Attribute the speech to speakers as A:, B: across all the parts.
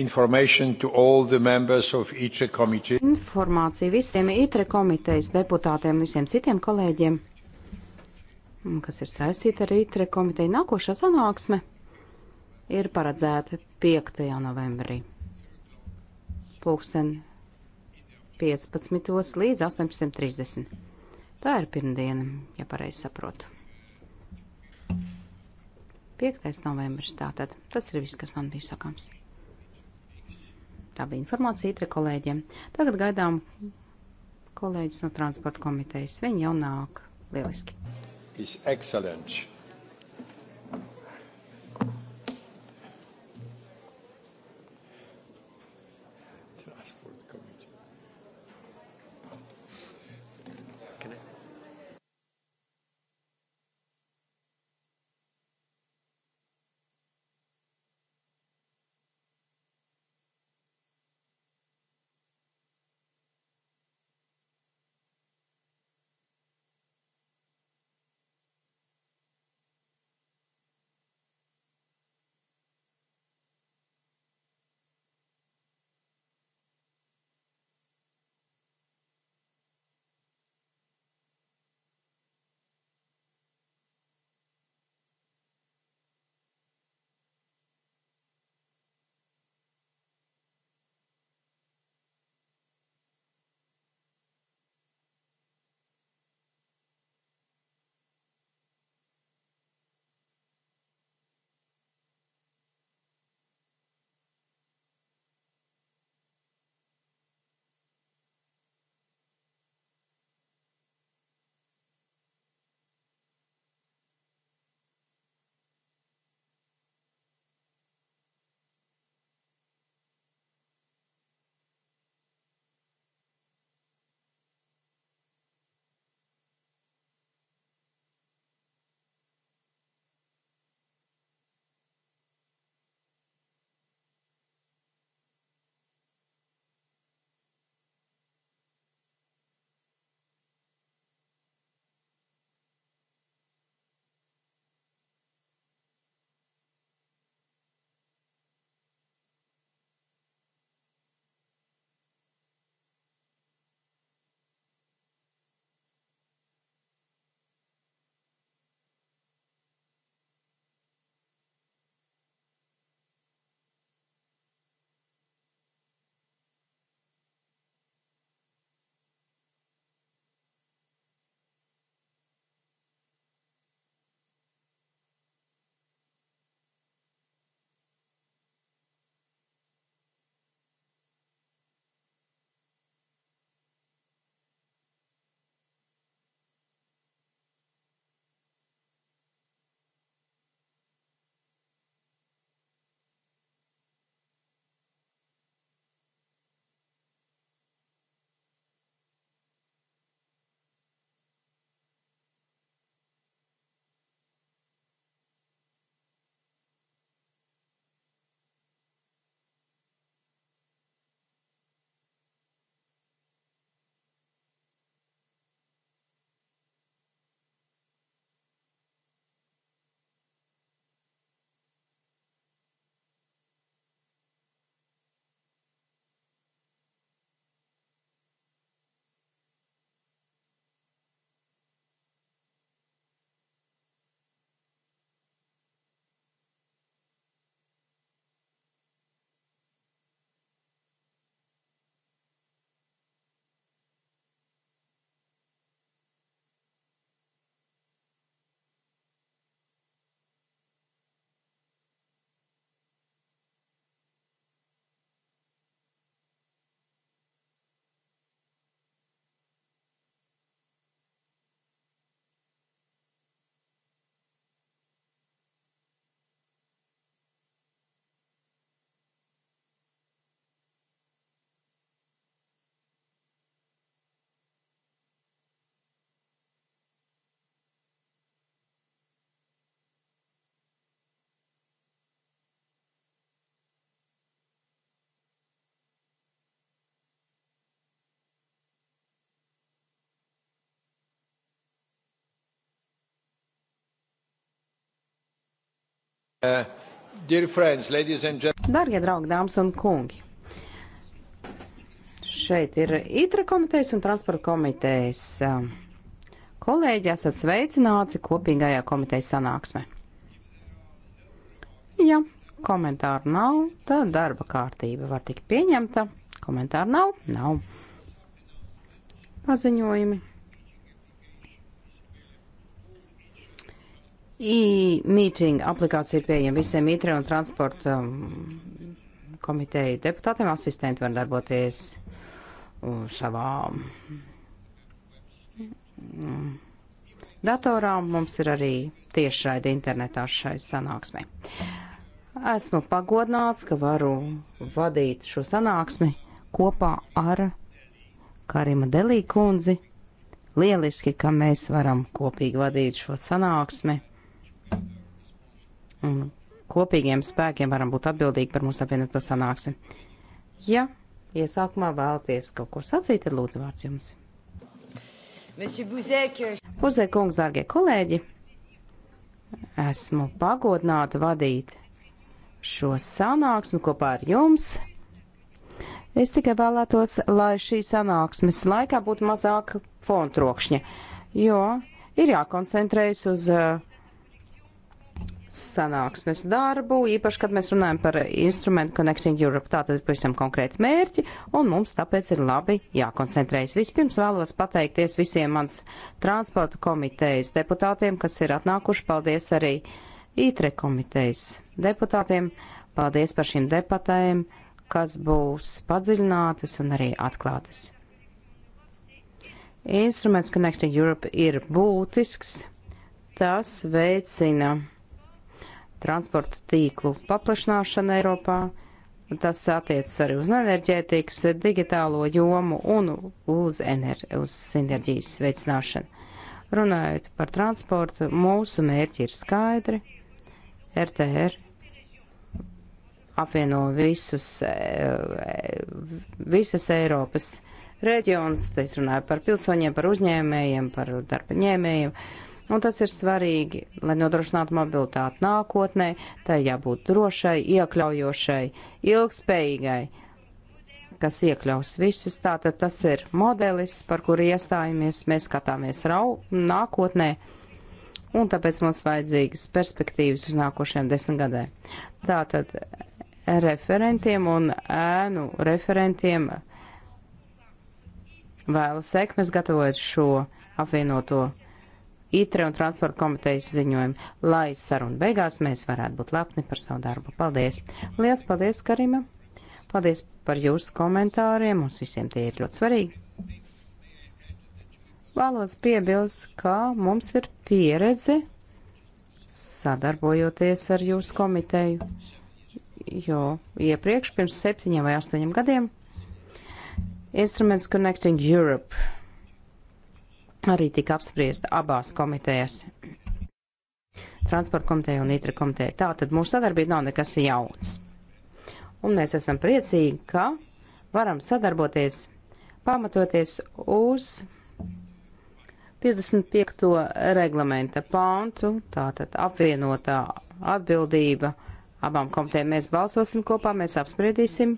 A: Informācija
B: visiem ITRE komitejas deputātiem, visiem citiem kolēģiem, kas ir saistīti ar ITRE komiteju. Nākošā sanāksme ir paredzēta 5. novembrī. Pūksteni 15. līdz 18.30. Tā ir pirmdiena, ja pareizi saprotu. 5. novembris tātad. Tas ir viss, kas man bija sakāms. Tā bija informācija itri kolēģiem. Tagad gaidām kolēģis no transporta komitejas. Viņi jau nāk. Lieliski.
A: It's excellent. Uh, friends, and...
B: Darbie draugi, dāmas un kungi! Šeit ir ITRA komitejas un transporta komitejas um, kolēģi. Esat sveicināti kopīgajā komitejas sanāksmē. Ja komentāru nav, tad darba kārtība var tikt pieņemta. Komentāru nav, nav paziņojumi. E-meeting aplikācija ir pieejama visiem ITRE un transporta um, komiteju deputātiem. Asistenti var darboties uh, savā mm, datorā. Mums ir arī tiešraidi internetā šai sanāksmē. Esmu pagodināts, ka varu vadīt šo sanāksmi kopā ar Karima Delī kundzi. Lieliski, ka mēs varam kopīgi vadīt šo sanāksmi. Un kopīgiem spēkiem varam būt atbildīgi par mūsu apvienoto sanāksi. Ja iesākumā vēlaties kaut ko sacīt, tad lūdzu vārds jums. Buzē euh, kungs, dārgie kolēģi, esmu pagodināta vadīt šo sanāksmi kopā ar jums. Es tikai vēlētos, lai šī sanāksmes laikā būtu mazāk fontrokšņa, jo ir jākoncentrējas uz uh, sanāksmes darbu, īpaši, kad mēs runājam par instrumentu Connecting Europe, tātad pavisam konkrēti mērķi, un mums tāpēc ir labi jākoncentrējas. Vispirms vēlos pateikties visiem mans transporta komitejas deputātiem, kas ir atnākuši, paldies arī ITRE komitejas deputātiem, paldies par šīm debatēm, kas būs padziļinātas un arī atklātas. Instruments Connecting Europe ir būtisks, tas veicina transporta tīklu paplašināšana Eiropā. Tas attiecas arī uz enerģētikas, digitālo jomu un uz, ener uz sinerģijas veicināšanu. Runājot par transportu, mūsu mērķi ir skaidri. RTR apvieno visus, visas Eiropas reģionus, es runāju par pilsoņiem, par uzņēmējiem, par darba ņēmējiem. Uh, Un tas ir svarīgi, lai nodrošinātu mobilitāti nākotnē, tai jābūt drošai, iekļaujošai, ilgspējīgai, kas iekļaus visus. Tātad tas ir modelis, par kuru iestājamies, mēs skatāmies rau nākotnē. Un tāpēc mums vajadzīgas perspektīvas uz nākošajiem desmitgadē. Tātad referentiem un ēnu referentiem vēlu sekmes gatavojot šo apvienoto ITRE un transporta komitejas ziņojumu, lai sarunu beigās mēs varētu būt lepni par savu darbu. Paldies! Lielas paldies, Karima! Paldies par jūsu komentāriem, mums visiem tie ir ļoti svarīgi. Vēlos piebilst, ka mums ir pieredze sadarbojoties ar jūsu komiteju, jo iepriekš pirms septiņiem vai astoņiem gadiem instruments Connecting Europe arī tika apspriesta abās komitejās. Transporta komiteja un Nitra komiteja. Tā tad mūsu sadarbība nav nekas jauns. Un mēs esam priecīgi, ka varam sadarboties pamatoties uz 55. reglamenta pāntu, tātad apvienotā atbildība abām komitejām. Mēs balsosim kopā, mēs apspriedīsim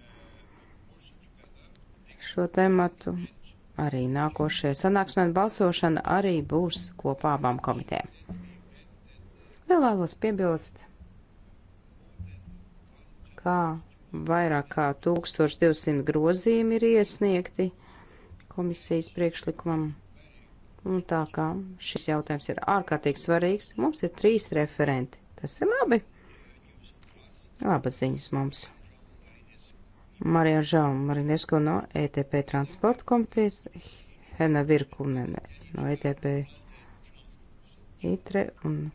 B: šo tematu arī nākošie sanāksmē un balsošana arī būs kopā abām komitēm. Vēl vēlos piebilst, kā vairāk kā 1200 grozījumi ir iesniegti komisijas priekšlikumam. Un tā kā šis jautājums ir ārkārtīgi svarīgs, mums ir trīs referenti. Tas ir labi. Labas ziņas mums. Marija Žauma Marinesko no ETP transporta komitejas, Hena Virkunene no ETP ITRE un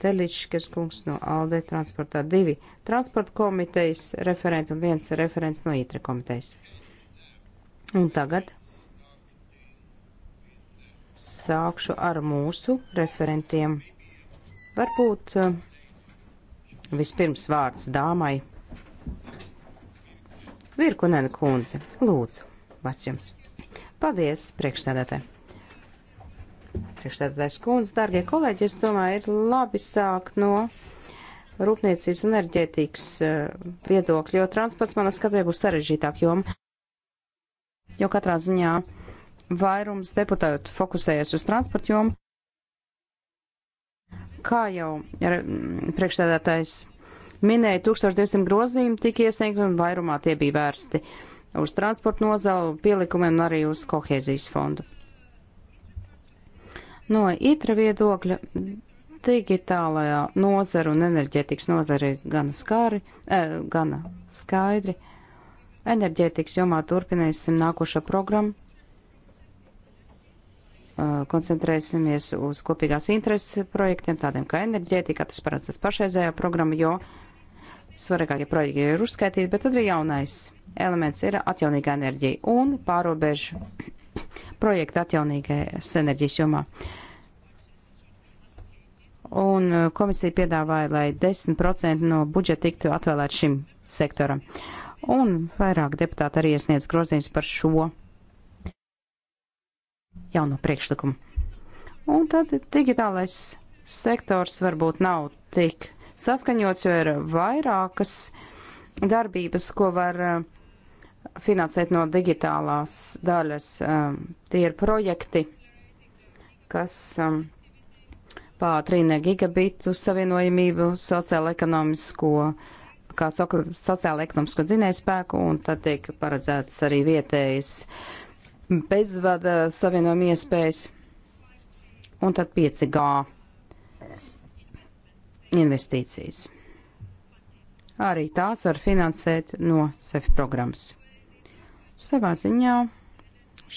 B: Teličkas kungs no ALDE transportā divi transporta komitejas referenti un viens referents no ITRE komitejas. Un tagad sākšu ar mūsu referentiem. Varbūt eh, vispirms vārds dāmai Virkunen kundze, lūdzu, vārds jums. Paldies, priekšstādātāji. Priekšstādātājs kundze, dārgie kolēģi, es domāju, ir labi sākt no rūpniecības un enerģētikas eh, viedokļa, jo transports manā skatē būs sarežģītāk joma. Jo katrā ziņā vairums deputātu fokusējas uz transportu jomu. Kā jau priekšstādātājs minēja, 1200 grozījumi tika iesniegti un vairumā tie bija vērsti uz transportu nozalu pielikumiem un arī uz kohēzijas fondu. No itra viedokļa digitālajā nozara un enerģētikas nozara ir gana, skāri, eh, gana skaidri. Enerģētikas jomā turpināsim nākošo programmu. Uh, koncentrēsimies uz kopīgās intereses projektiem, tādiem kā enerģētika, tas parādzas pašreizējā programma, jo uh, svarīgākie projekti ir uzskaitīti, bet tad arī jaunais elements ir atjaunīgā enerģija un pārobežu projekti atjaunīgās enerģijas jomā. Un uh, komisija piedāvāja, lai 10% no budžeta tiktu atvēlēt šim sektoram. Un vairāk deputāti arī iesniedz grozījums par šo jauno priekšlikumu. Un tad digitālais sektors varbūt nav tik saskaņots, jo ir vairākas darbības, ko var eh, finansēt no digitālās daļas. Eh, tie ir projekti, kas eh, pātrina gigabitu savienojamību, sociālo-ekonomisko, kā sociālo-ekonomisko dzinējspēku, un tad tiek paredzētas arī vietējas bezvada savienojuma iespējas, un tad 5G investīcijas. Arī tās var finansēt no SEF programmas. Savā ziņā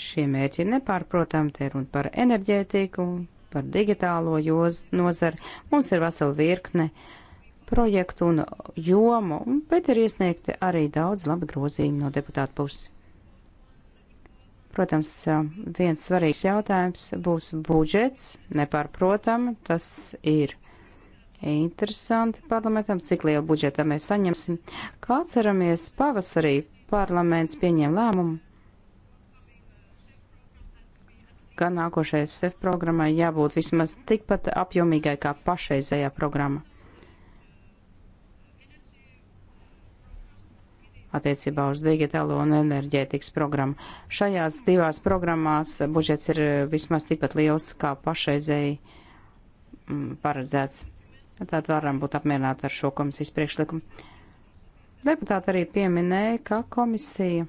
B: šie mērķi ir nepārprotami, te runa par enerģētiku, par digitālo joz, nozari. Mums ir vesela virkne projektu un jomu, bet ir iesniegti arī daudz labi grozījumi no deputāta puses. Protams, viens svarīgs jautājums būs budžets, nepārprotami, tas ir interesanti parlamentam, cik lielu budžetu mēs saņemsim. Kā ceramies, pavasarī parlaments pieņem lēmumu, ka nākošais SEF programmai jābūt vismaz tikpat apjomīgai kā pašreizējā programma. attiecībā uz digitālo un enerģētikas programmu. Šajās divās programmās budžets ir vismaz tikpat liels kā pašreizēji mm, paredzēts. Tad varam būt apmierināti ar šo komisijas priekšlikumu. Deputāti arī pieminēja, ka komisija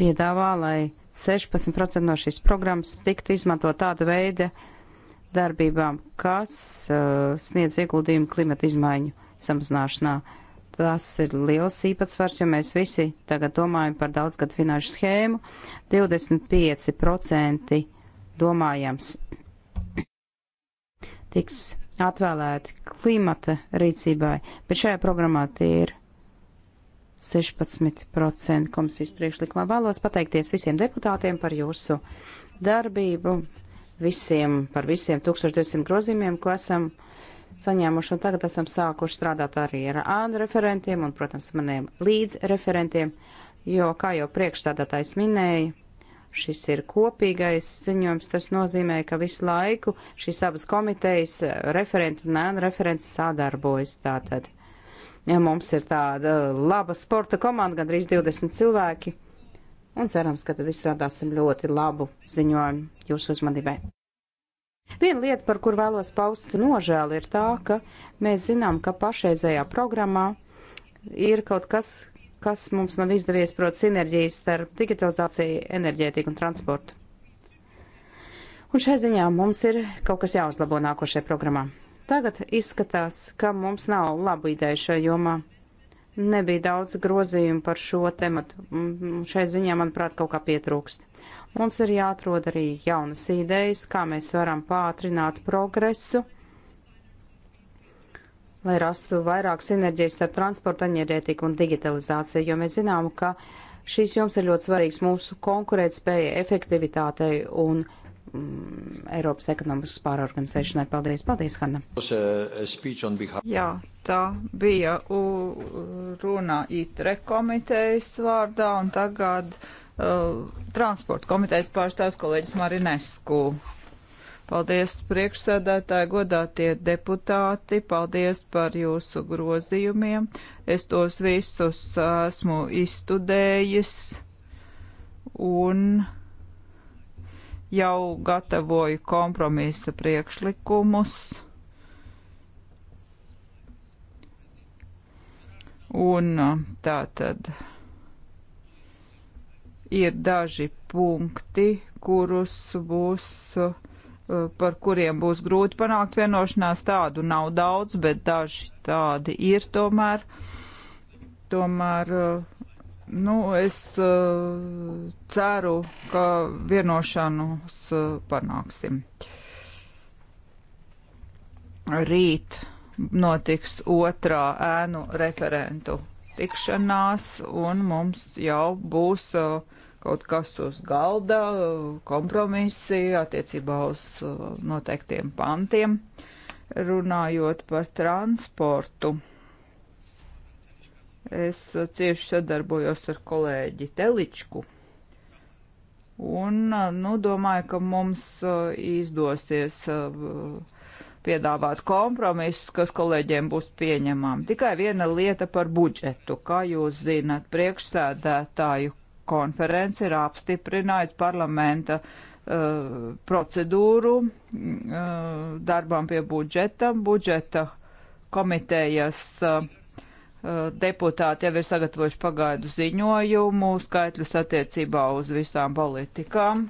B: piedāvā, lai 16% no šīs programmas tiktu izmanto tāda veida darbībām, kas uh, sniedz ieguldījumu klimata izmaiņu samazināšanā. Tas ir liels īpatsvars, jo mēs visi tagad domājam par daudzgadu finanšu schēmu. 25% domājams tiks atvēlēti klimata rīcībai, bet šajā programmā tie ir 16% komisijas priekšlikumā. Vēlos pateikties visiem deputātiem par jūsu darbību, visiem par visiem 1200 grozījumiem, ko esam saņēmuši, un tagad esam sākuši strādāt arī ar ānu referentiem un, protams, maniem līdzreferentiem, jo, kā jau priekšstādātājs minēja, Šis ir kopīgais ziņojums, tas nozīmē, ka visu laiku šīs abas komitejas eh, referenti un ēnu referents sadarbojas tātad. Ja mums ir tāda laba sporta komanda, gandrīz 20 cilvēki, un cerams, ka tad izstrādāsim ļoti labu ziņojumu jūsu uzmanībai. Viena lieta, par kur vēlos paust nožēlu, ir tā, ka mēs zinām, ka pašreizējā programmā ir kaut kas, kas mums nav izdevies, proti, sinerģijas starp digitalizāciju, enerģētiku un transportu. Un šai ziņā mums ir kaut kas jāuzlabo nākošajā programmā. Tagad izskatās, ka mums nav labu ideju šajā jomā. Nebija daudz grozījumu par šo tematu. Šai ziņā, manuprāt, kaut kā pietrūkst. Mums ir jāatrod arī jaunas idejas, kā mēs varam pātrināt progresu lai rastu vairāk sinerģijas starp transportu, enerģētiku un digitalizāciju, jo mēs zinām, ka šīs joms ir ļoti svarīgs mūsu konkurētspēja, efektivitātei un mm, Eiropas ekonomikas pārorganizēšanai. Paldies, paldies,
A: Hanna. Jā, tā bija runa ITRE komitejas vārdā un tagad uh, transporta komitejas pārstāvs kolēģis Marinesku. Paldies priekšsēdētāji, godātie deputāti, paldies par jūsu grozījumiem. Es tos visus esmu izstudējis un jau gatavoju kompromisa priekšlikumus. Un tā tad ir daži punkti, kurus būs uh, par kuriem būs grūti panākt vienošanās. Tādu nav daudz, bet daži tādi ir tomēr. Tomēr, eh, nu, es eh, ceru, ka vienošanos eh, panāksim. Rīt notiks otrā ēnu referentu tikšanās, un mums jau būs uh, kaut kas uz galda, kompromisi attiecībā uz uh, noteiktiem pantiem. Runājot par transportu, es uh, cieši sadarbojos ar kolēģi Teličku. Un, uh, nu, domāju, ka mums izdosies piedāvāt kompromisus, kas kolēģiem būs pieņemami. Tikai viena lieta par budžetu. Kā jūs zināt, priekšsēdētāju konference ir apstiprinājusi parlamenta uh, procedūru mm, uh, darbām pie budžeta. Budžeta komitejas uh, uh, deputāti jau ir sagatavojuši pagaidu ziņojumu, skaitļus attiecībā uz visām politikām.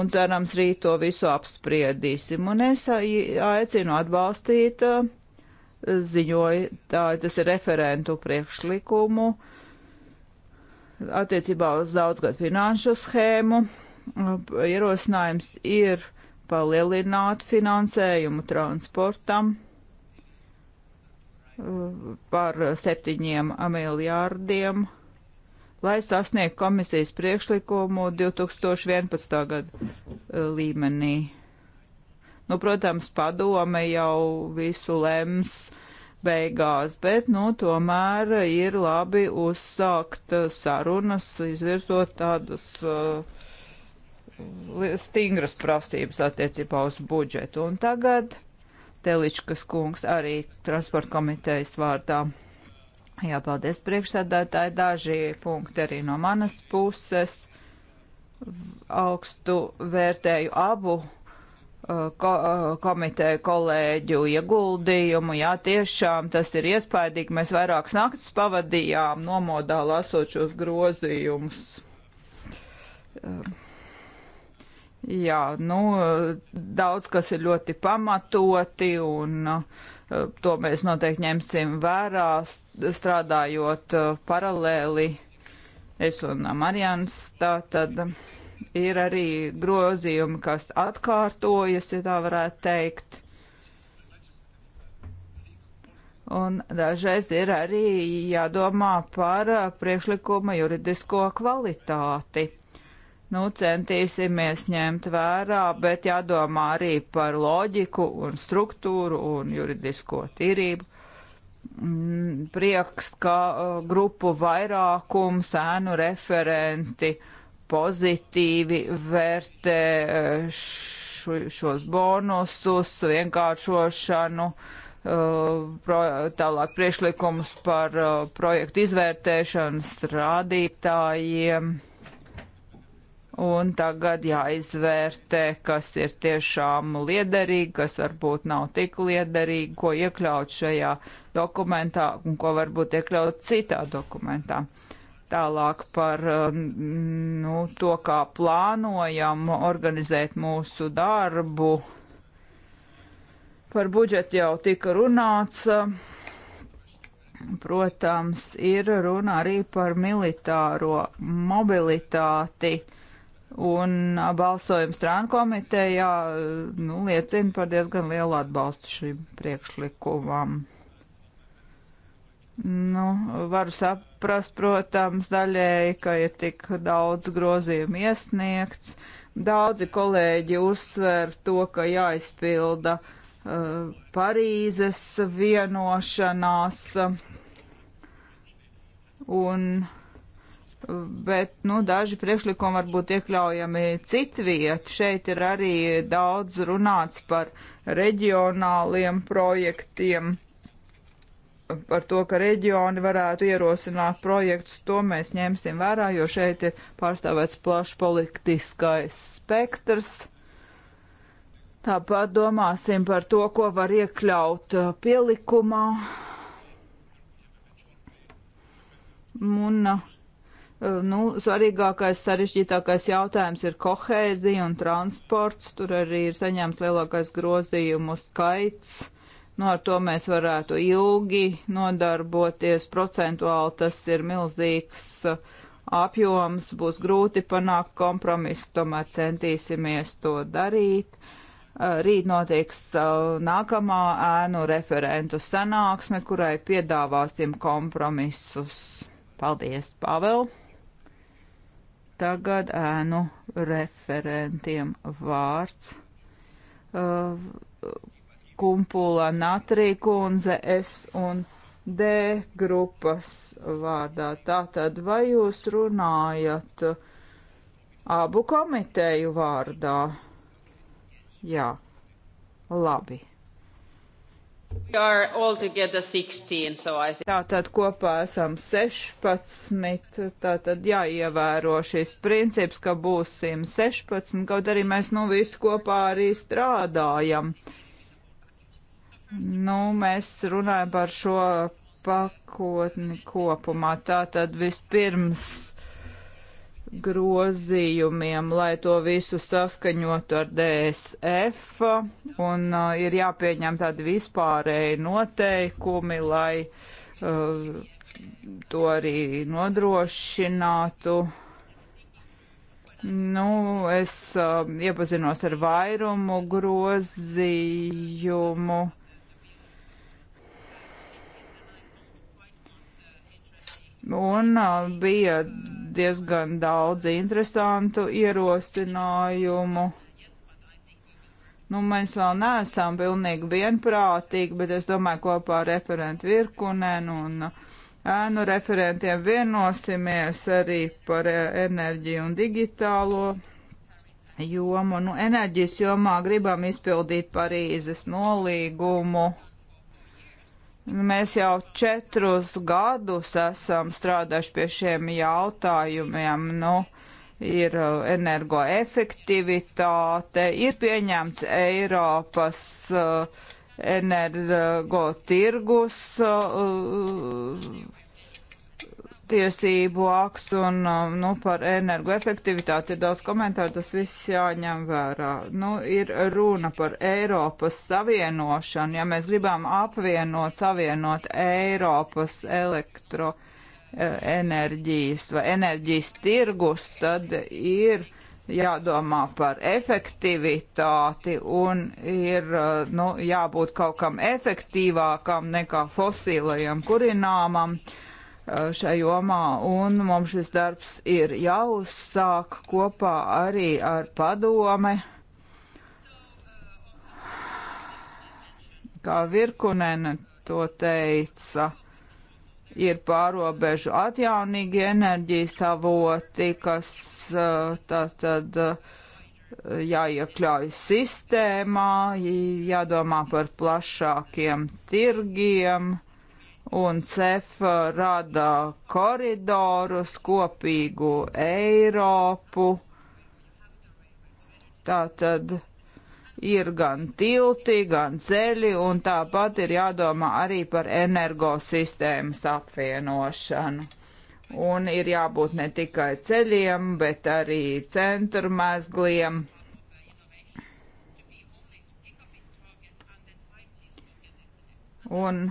A: Un cerams, rīt to visu apspriedīsim. Un es aicinu atbalstīt uh, ziņoju, tā tas ir referentu priekšlikumu uh, attiecībā uz daudzgad finanšu schēmu. Ierosinājums ir palielināt finansējumu transportam uh, par septiņiem miljārdiem, lai sasniegtu komisijas priekšlikumu 2011. gada uh, līmenī. Nu, protams, padome jau visu lems uh, beigās, bet, nu, tomēr ir labi uzsākt sarunas, izvirzot tādas uh, stingras prasības attiecībā uz budžetu. Un tagad Teličkas kungs arī transporta komitejas vārdā. Jā, paldies priekšsēdētāji. Daži punkti arī no manas puses. Augstu vērtēju abu Uh, ko, uh, komiteju kolēģu ieguldījumu. Jā, tiešām tas ir iespaidīgi. Mēs vairākas naktis pavadījām nomodā lasot šos grozījumus. Um, jā, nu, daudz kas ir ļoti pamatoti un uh, to mēs noteikti ņemsim vērā, strādājot paralēli. Es un Marijans tā tad. tad ir arī grozījumi, kas atkārtojas, ja tā varētu teikt. Un dažreiz ir arī jādomā par priekšlikuma juridisko kvalitāti. Nu, centīsimies ņemt vērā, bet jādomā arī par loģiku un struktūru un juridisko tīrību mm, prieks, ka uh, grupu vairākums, ēnu referenti pozitīvi vērtē eh, šo, šos bonusus, vienkāršošanu, eh, pro, tālāk priekšlikumus par eh, projektu izvērtēšanas rādītājiem. Un tagad jāizvērtē, kas ir tiešām liederīgi, kas varbūt nav tik liederīgi, ko iekļaut šajā dokumentā un ko varbūt iekļaut citā dokumentā. Uh, Tālāk par um, nu, to, kā plānojam organizēt mūsu darbu. Par budžetu jau tika runāts. Protams, ir runa arī par militāro mobilitāti. Un balsojums Trānu komitejā nu, liecina par diezgan lielu atbalstu šim priekšlikumam. Nu, varu saprast, protams, daļēji, ka ir tik daudz grozījumu iesniegts. Daudzi kolēģi uzsver to, ka jāizpilda uh, Parīzes vienošanās. Un, bet, nu, daži priekšlikumi varbūt iekļaujami citviet. Šeit ir arī daudz runāts par reģionāliem projektiem par to, ka reģioni varētu ierosināt projektus, to mēs ņemsim vērā, jo šeit ir pārstāvēts plašs politiskais spektrs. Tāpat domāsim par to, ko var iekļaut uh, pielikumā. Un, uh, nu, svarīgākais, sarežģītākais jautājums ir kohēzija un transports. Tur arī ir saņemts lielākais grozījumu skaits Nu, ar to mēs varētu ilgi nodarboties. Procentuāli tas ir milzīgs uh, apjoms, būs grūti panākt kompromisu, tomēr centīsimies to darīt. Uh, rīt notiks uh, nākamā ēnu referentu sanāksme, kurai piedāvāsim kompromisus. Paldies, Pavel! Tagad ēnu referentiem vārds. Uh, Kumpula Natrī kundze S un D grupas vārdā. Tātad, vai jūs runājat abu komiteju vārdā? Jā, labi. So think... Tātad kopā esam 16, tātad jāievēro šis princips, ka būsim 16, kaut arī mēs nu visi kopā arī strādājam. Uh, Nu, mēs runājam par šo pakotni kopumā. Tātad vispirms grozījumiem, lai to visu saskaņotu ar DSF, un uh, ir jāpieņem tādi vispārēji noteikumi, lai uh, to arī nodrošinātu. Nu, es uh, iepazinos ar vairumu grozījumu. Uh, Un bija diezgan daudz interesantu ierosinājumu. Nu, mēs vēl neesam pilnīgi vienprātīgi, bet es domāju, kopā ar referentu Virkunenu un ēnu referentiem vienosimies arī par e, enerģiju un digitālo jomu. Nu, enerģijas jomā gribam izpildīt Parīzes nolīgumu Mēs jau četrus gadus esam strādājuši pie šiem jautājumiem. Nu, ir uh, energoefektivitāte, ir pieņemts Eiropas uh, energotirgus uh, tiesību aks un um, nu, par energoefektivitāti ir daudz komentāru, tas viss jāņem vērā. Nu, ir runa par Eiropas savienošanu. Ja mēs gribam apvienot, savienot Eiropas elektroenerģijas vai enerģijas tirgus, tad ir jādomā par efektivitāti un ir uh, nu, jābūt kaut kam efektīvākam nekā fosīlajam kurināmam. Uh, Uh, šai jomā, un mums šis darbs ir jāuzsāk kopā arī ar padome. Kā Virkunena to teica, ir pārobežu atjaunīgi enerģijas avoti, kas uh, tātad uh, jāiekļauj sistēmā, jādomā par plašākiem tirgiem un CEF rada koridorus, kopīgu Eiropu. Tā tad ir gan tilti, gan ceļi, un tāpat ir jādomā arī par energosistēmas apvienošanu. Un ir jābūt ne tikai ceļiem, bet arī centru mezgliem. Un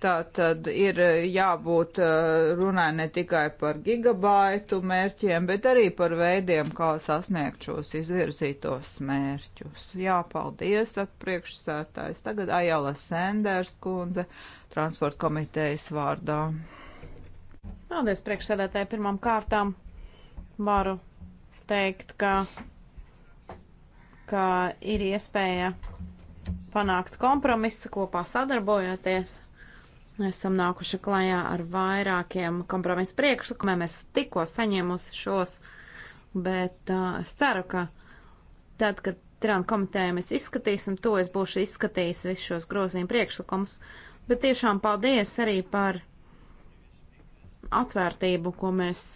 A: Tā tad ir eh, jābūt eh, runai ne tikai par gigabaitu mērķiem, bet arī par veidiem, kā sasniegt šos izvirzītos mērķus. Jā, paldies, saka priekšsētājs. Tagad Ajala Senders kundze, transporta komitejas vārdā. Paldies, priekšsēdētāji, pirmām kārtām varu teikt, ka,
C: ka ir iespēja panākt kompromisu kopā sadarbojoties. Esam nākuši klajā ar vairākiem kompromisu priekšlikumiem. Es tikko saņēmusi šos, bet uh, es ceru, ka tad, kad Tirāna komiteja mēs izskatīsim to, es būšu izskatījis visus šos grozījumu priekšlikumus. Bet tiešām paldies arī par atvērtību, ko mēs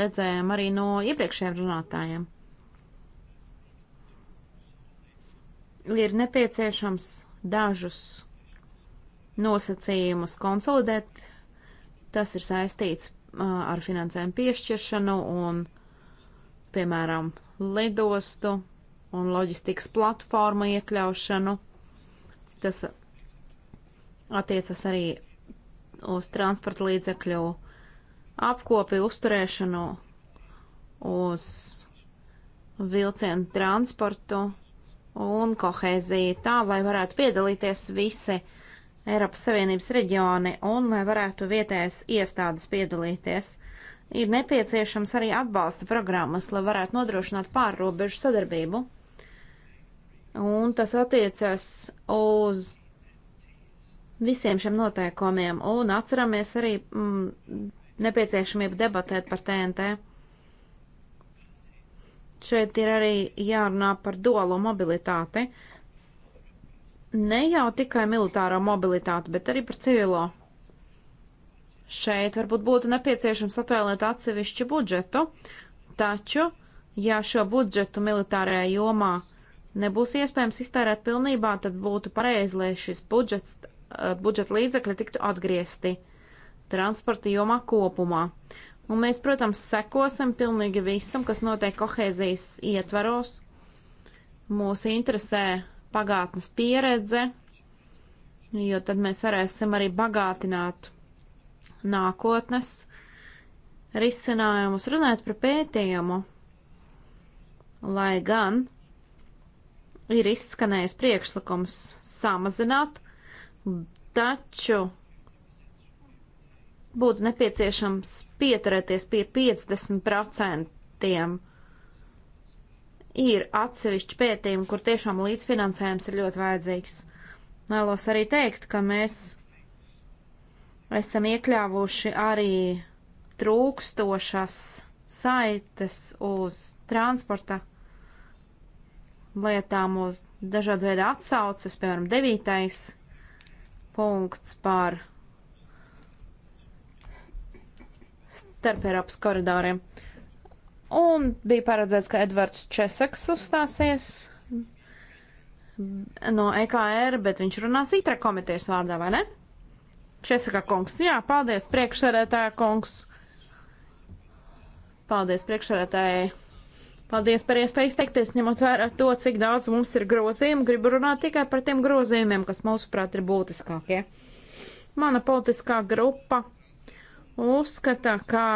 C: redzējām arī no iepriekšējiem runātājiem. Ir nepieciešams dažus nosacījumus konsolidēt. Tas ir saistīts ar finansējumu piešķiršanu un, piemēram, lidostu un loģistikas platformu iekļaušanu. Tas attiecas arī uz transporta līdzekļu apkopi, uzturēšanu, uz vilcienu transportu un kohēziju tā, lai varētu piedalīties visi uh, Eiropas Savienības reģioni un lai varētu vietējais iestādes piedalīties. Ir nepieciešams arī atbalsta programmas, lai varētu nodrošināt pārrobežu sadarbību. Un tas attiecas uz visiem šiem noteikumiem un atceramies arī mm, nepieciešamību debatēt par TNT. Šeit ir arī jārunā par dolo mobilitāti. Uh, ne jau tikai militāro mobilitāti, bet arī par civilo. Šeit varbūt būtu nepieciešams atvēlēt atsevišķu budžetu, taču, ja šo budžetu militārajā jomā nebūs iespējams iztērēt pilnībā, tad būtu pareizi, lai šis budžets, eh, budžeta līdzekļi tiktu atgriezti transporta jomā kopumā. Un mēs, protams, sekosim pilnīgi visam, kas notiek kohēzijas ietvaros. Mūs interesē pagātnes pieredze, jo tad mēs varēsim arī bagātināt nākotnes risinājumus, runāt par pētījumu, lai gan ir izskanējis priekšlikums samazināt, taču būtu nepieciešams pieturēties pie 50% ir atsevišķi pētījumi, kur tiešām līdzfinansējums ir ļoti vajadzīgs. Vēlos arī teikt, ka mēs esam iekļāvuši arī trūkstošas saites uz transporta lietām, uz dažādu veidu atsauces, piemēram, devītais punkts par starp Eiropas koridoriem. Uh, Un bija paredzēts, ka Edvards Česaks uzstāsies no EKR, bet viņš runās ITRA komitejas vārdā, vai ne? Česaka kungs, jā, paldies priekšsarētāja kungs. Paldies priekšsarētājai. Paldies par iespēju izteikties, ņemot vērā to, cik daudz mums ir grozījumu. Gribu runāt tikai par tiem grozījumiem, kas mūsuprāt ir būtiskākie. Mana politiskā grupa uzskata, ka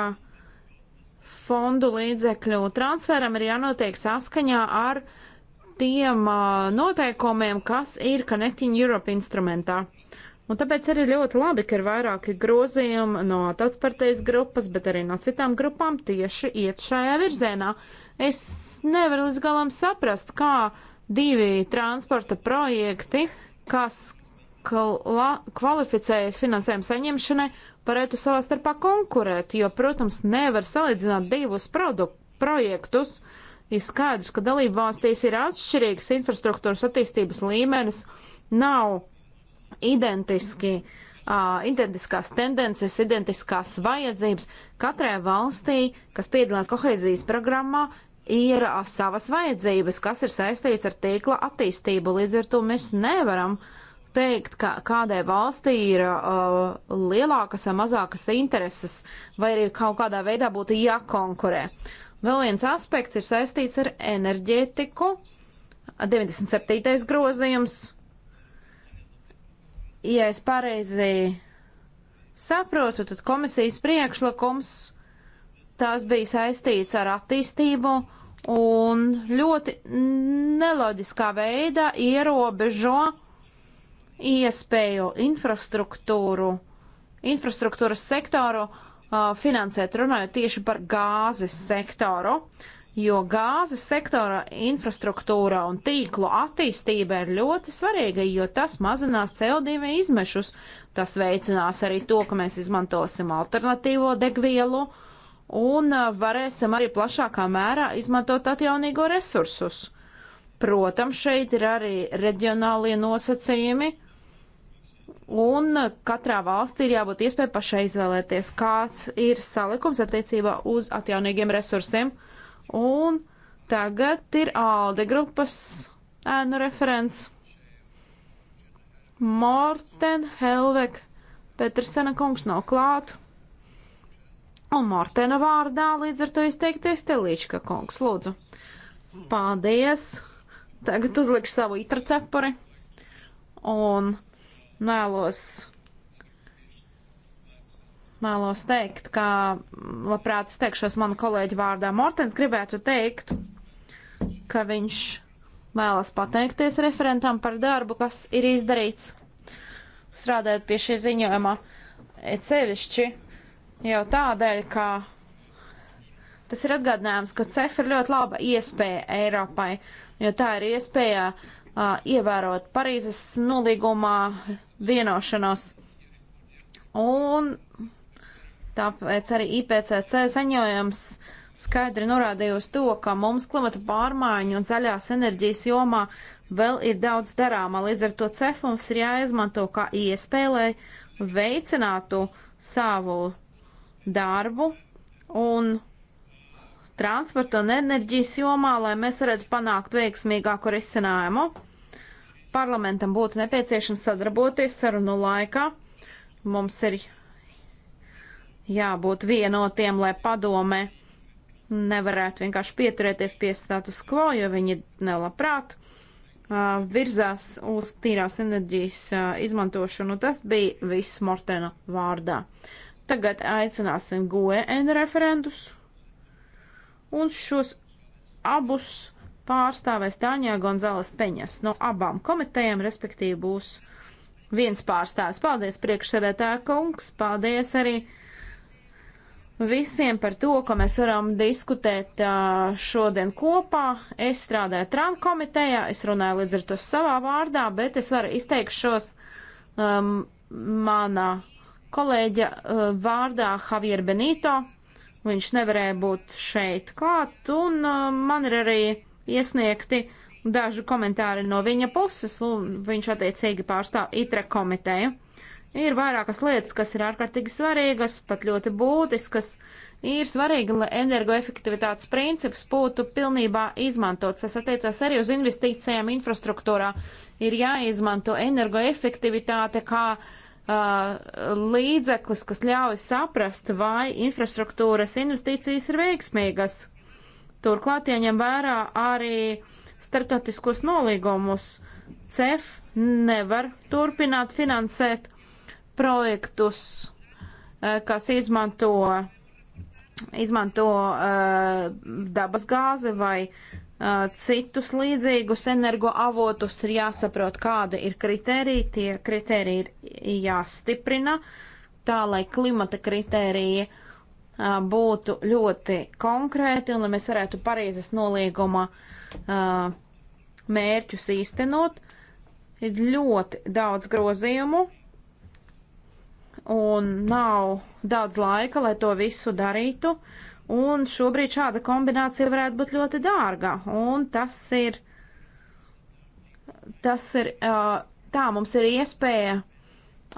C: fondu līdzekļu transferam ir jānotiek saskaņā ar tiem uh, noteikumiem, kas ir Connecting Europe instrumentā. Un tāpēc arī ļoti labi, ka ir vairāki grozījumi no tautspartijas grupas, bet arī no citām grupām tieši iet šajā virzienā. Es nevaru līdz galam saprast, kā divi transporta projekti, kas kvalificējas finansējuma saņemšanai, varētu savā starpā konkurēt, jo, protams, nevar salīdzināt divus projektus. Ir skaidrs, ka dalību valstīs ir atšķirīgs infrastruktūras attīstības līmenis, nav identiski, uh, identiskās tendences, identiskās vajadzības. Katrai valstī, kas piedalās kohēzijas programmā, ir uh, savas vajadzības, kas ir saistīts ar tīkla attīstību. Līdz ar to mēs nevaram uh, teikt, ka kādai valstī ir uh, lielākas vai mazākas intereses, vai arī kaut kādā veidā būtu jākonkurē. Vēl viens aspekts ir saistīts ar enerģētiku. 97. grozījums. Ja es pareizi saprotu, tad komisijas priekšlikums tās bija saistīts ar attīstību un ļoti neloģiskā veidā ierobežo uh, iespēju infrastruktūru, infrastruktūras sektoru uh, finansēt, runājot tieši par gāzes sektoru, jo gāzes sektora infrastruktūra un tīklu attīstība ir ļoti svarīga, jo tas mazinās CO2 izmešus, tas veicinās arī to, ka mēs izmantosim alternatīvo degvielu un uh, varēsim arī plašākā mērā izmantot atjaunīgo resursus. Protams, šeit ir arī reģionālie nosacījumi Un katrā valstī ir jābūt iespēja pašai izvēlēties, kāds ir salikums attiecībā uz atjaunīgiem resursiem. Un tagad ir ALDE grupas ēnu referents. Morten Helvek, Petersena kungs nav klāt. Un Mortena vārdā līdz ar to izteikties Telīčka kungs, lūdzu. Paldies! Tagad uzlikšu savu itra cepuri. Un Mēlos, mēlos teikt, ka labprāt es teikšos manu kolēģi vārdā. Mortens gribētu teikt, ka viņš vēlas pateikties referentam par darbu, kas ir izdarīts strādājot pie šī ziņojuma. Et sevišķi jau tādēļ, ka tas ir atgādinājums, ka CEF ir ļoti laba iespēja Eiropai, jo tā ir iespēja uh, ievērot Parīzes nolīgumā vienošanos. Un tāpēc arī IPCC saņojums skaidri norādīja uz to, ka mums klimata pārmaiņu un zaļās enerģijas jomā vēl ir daudz darāmā. Līdz ar to cefums ir jāizmanto kā iespēja, lai veicinātu savu darbu un transporta un enerģijas jomā, lai mēs varētu panākt veiksmīgāku risinājumu parlamentam būtu nepieciešams sadarboties sarunu laikā. Mums ir jābūt vienotiem, lai padome nevarētu vienkārši pieturēties pie status quo, jo viņi nelabprāt uh, virzās uz tīrās enerģijas uh, izmantošanu. Tas bija viss Mortena vārdā. Tagad aicināsim GOEN referendus un šos abus pārstāvēs Tāņā Gonzales Peņas. No abām komitejām, respektīvi, būs viens pārstāvis. Paldies, priekšsēdētā kungs, paldies arī visiem par to, ka mēs varam diskutēt šodien kopā. Es strādāju Trump komitejā, es runāju līdz ar to savā vārdā, bet es varu izteikšos um, manā kolēģa uh, vārdā Javier Benito. Viņš nevarēja būt šeit klāt, un uh, man ir arī iesniegti daži komentāri no viņa puses, un viņš attiecīgi pārstāv ITRE komiteju. Ir vairākas lietas, kas ir ārkārtīgi svarīgas, pat ļoti būtiskas. Ir svarīgi, lai energoefektivitātes princips būtu pilnībā izmantots. Tas attiecās arī uz investīcijām infrastruktūrā. Ir jāizmanto energoefektivitāte kā uh, līdzeklis, kas ļauj saprast, vai infrastruktūras investīcijas ir veiksmīgas. Turklāt ieņem vērā arī starptautiskos nolīgumus. CEF nevar turpināt finansēt projektus, eh, kas izmanto, izmanto uh, dabas gāzi vai uh, citus līdzīgus energoavotus. Ir jāsaprot, kāda ir kritērija. Tie kritēriji ir jāstiprina tā, lai klimata kritērija uh, būtu ļoti konkrēti un lai mēs varētu Parīzes nolīguma uh, mērķus īstenot. Ir ļoti daudz grozījumu un nav daudz laika, lai to visu darītu. Un šobrīd šāda kombinācija varētu būt ļoti dārga. Un tas ir, tas ir uh, tā, mums ir iespēja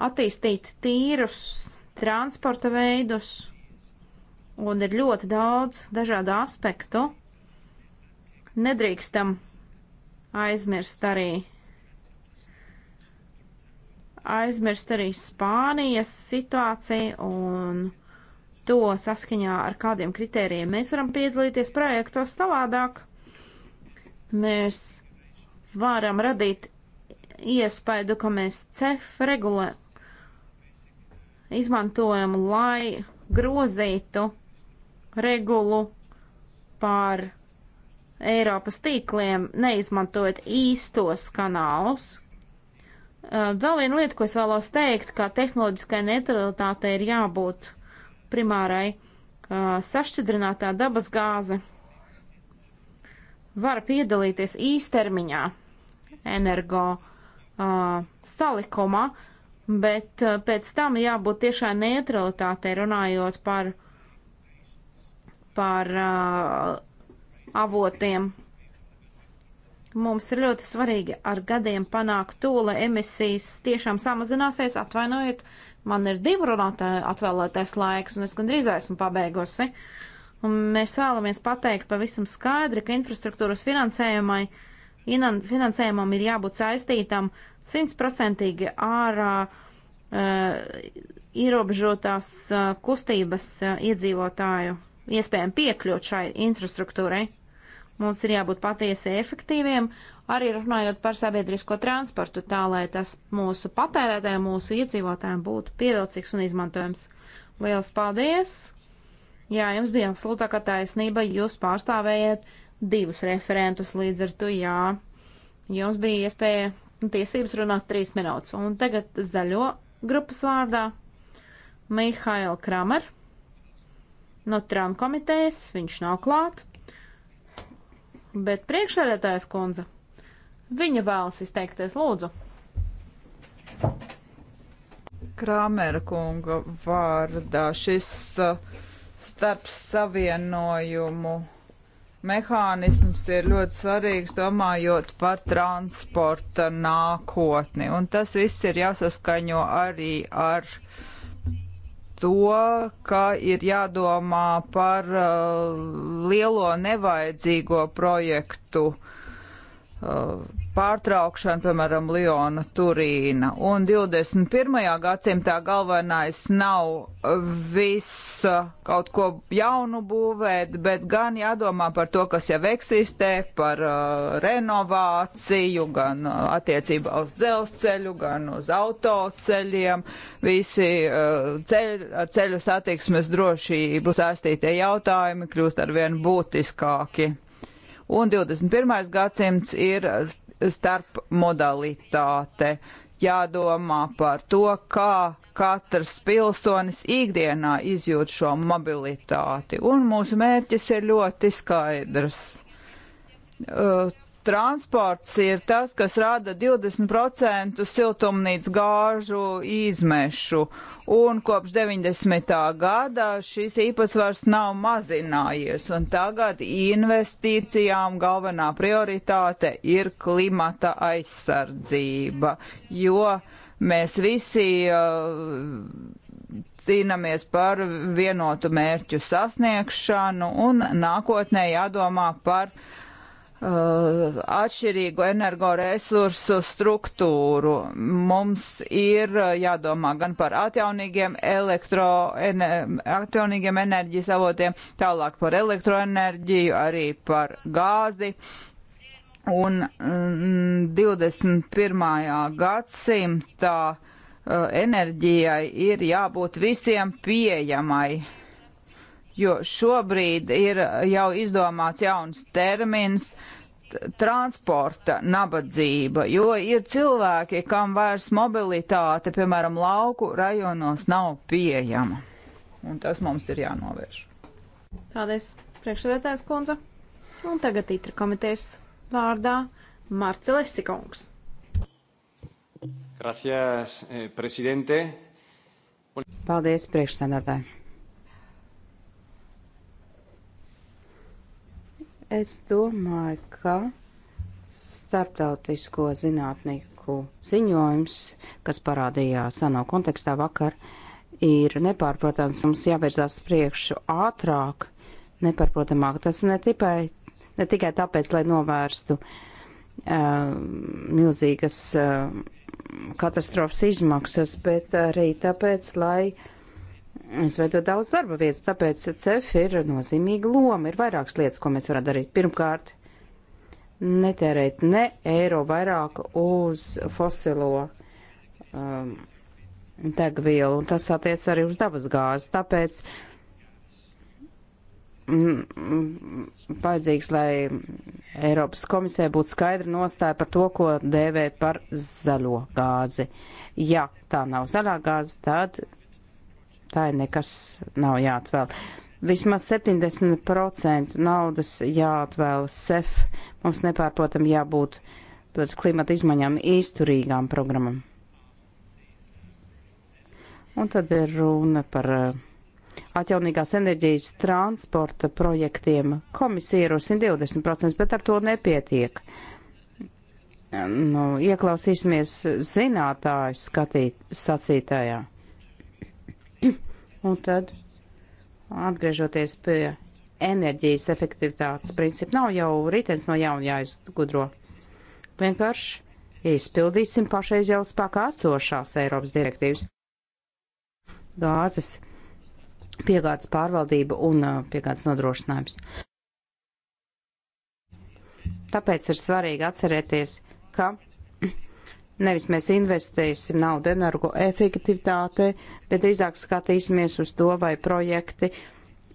C: attīstīt tīrus transporta veidus un ir ļoti daudz dažādu aspektu. Nedrīkstam aizmirst arī, aizmirst arī Spānijas situāciju un to saskaņā ar kādiem kritērijiem mēs varam piedalīties projektos savādāk. Mēs varam radīt iespaidu, ka mēs cef regulē izmantojam, lai grozītu regulu pār Eiropas tīkliem, neizmantojot īstos kanālus. Uh, vēl viena lieta, ko es vēlos teikt, ka tehnoloģiskai neutralitātei ir jābūt primārai uh, sašķidrinātā dabas gāze var piedalīties īstermiņā energo uh, salikumā, bet uh, pēc tam jābūt tiešai neutralitātei runājot par uh, par uh, avotiem. Mums ir ļoti svarīgi ar gadiem panākt to, lai emisijas tiešām samazināsies. Atvainojiet, man ir divu runātāju atvēlētais laiks, un es gandrīz esmu pabeigusi. Un mēs vēlamies pateikt pavisam skaidri, ka infrastruktūras finansējumai, finansējumam ir jābūt saistītam simtprocentīgi ar uh, ierobežotās uh, kustības uh, iedzīvotāju iespējami piekļūt šai infrastruktūrai. Mums ir jābūt patiesi efektīviem, arī runājot par sabiedrisko transportu, tā lai tas mūsu patērētājiem, mūsu iedzīvotājiem būtu pievilcīgs un izmantojams. Lielas paldies! Jā, jums bija absolūtākā taisnība, jūs pārstāvējat divus referentus līdz ar to, jā. Jums bija iespēja un tiesības runāt trīs minūtes. Un tagad zaļo grupas vārdā Mihaila Kramer no Trānu komitejas, viņš nav klāt. Bet priekšsēdētājas kundze, viņa vēlas izteikties lūdzu.
A: Krāmera kunga vārdā šis uh, starp savienojumu mehānisms ir ļoti svarīgs, domājot par transporta nākotni. Un tas viss ir jāsaskaņo arī ar uh, to, ka ir jādomā par uh, lielo nevajadzīgo projektu uh, pārtraukšana, piemēram, Liona Turīna. Un 21. gadsimtā galvenais nav viss uh, kaut ko jaunu būvēt, bet gan jādomā par to, kas jau eksistē, par uh, renovāciju, gan uh, attiecībā uz dzelzceļu, gan uz autoceļiem. Visi uh, ceļ, ar ceļu satiksmes drošību sāstītie jautājumi kļūst arvien būtiskāki un 21. gadsimts ir starp modalitāte. Jādomā par to, kā katrs pilsonis ikdienā izjūt šo mobilitāti. Un mūsu mērķis ir ļoti skaidrs. Uh, transports ir tas, kas rada 20% siltumnīcas gāžu izmešu, un kopš 90. gada šis īpatsvars nav mazinājies, un tagad investīcijām galvenā prioritāte ir klimata aizsardzība, jo mēs visi uh, cīnāmies par vienotu mērķu sasniegšanu, un nākotnē jādomā par uh, Uh, atšķirīgu energoresursu struktūru. Mums ir uh, jādomā gan par atjaunīgiem, elektro, ene, atjaunīgiem enerģijas avotiem, tālāk par elektroenerģiju, arī par gāzi. Un mm, 21. gadsimtā uh, enerģijai ir jābūt visiem pieejamai jo šobrīd ir jau izdomāts jauns termins transporta nabadzība, jo ir cilvēki, kam vairs mobilitāte, piemēram, lauku rajonos nav pieejama. Un tas mums ir jānovērš.
C: Paldies, priekšredētājs kundze. Un tagad itra komitejas vārdā Marceles Sikungs.
A: Gracias,
C: eh, prezidente. Paldies, priekšsēdētāji.
B: Es domāju, ka starptautisko zinātnieku ziņojums, kas parādījās ANO kontekstā vakar, ir nepārprotams. Mums jāvērsās priekšu ātrāk, nepārprotamāk. Tas ne tikai, ne tikai tāpēc, lai novērstu uh, milzīgas uh, katastrofas izmaksas, bet arī tāpēc, lai uh, Es veidoju daudz darba vietas, tāpēc CEF ir nozīmīga loma. Ir vairākas lietas, ko mēs varam darīt. Pirmkārt, netērēt ne eiro vairāk uz fosilo um, degvielu, un tas attiec arī uz dabas gāzes. Tāpēc mm, mm, vajadzīgs, mm, lai Eiropas komisija būtu skaidra nostāja par to, ko dēvē par zaļo gāzi. Ja tā nav zaļā gāze, tad tai nekas nav jāatvēl. Vismaz 70% naudas jāatvēl SEF. Mums nepārprotam jābūt pret klimata izmaiņām izturīgām programmam. Un tad ir runa par eh, atjaunīgās enerģijas transporta projektiem. Komisija ierosina 20%, bet ar to nepietiek. Nu, ieklausīsimies zinātāju skatīt sacītājā. Un tad, atgriežoties pie enerģijas efektivitātes principa, nav jau ritenis no jauna jāizgudro. Vienkārši izpildīsim pašreiz jau spēkā esošās Eiropas direktīvas. Gāzes piegādes pārvaldība un uh, piegādes nodrošinājums. Tāpēc ir svarīgi atcerēties, ka Nevis mēs investēsim naudu energo efektivitāte, bet drīzāk skatīsimies uz to, vai projekti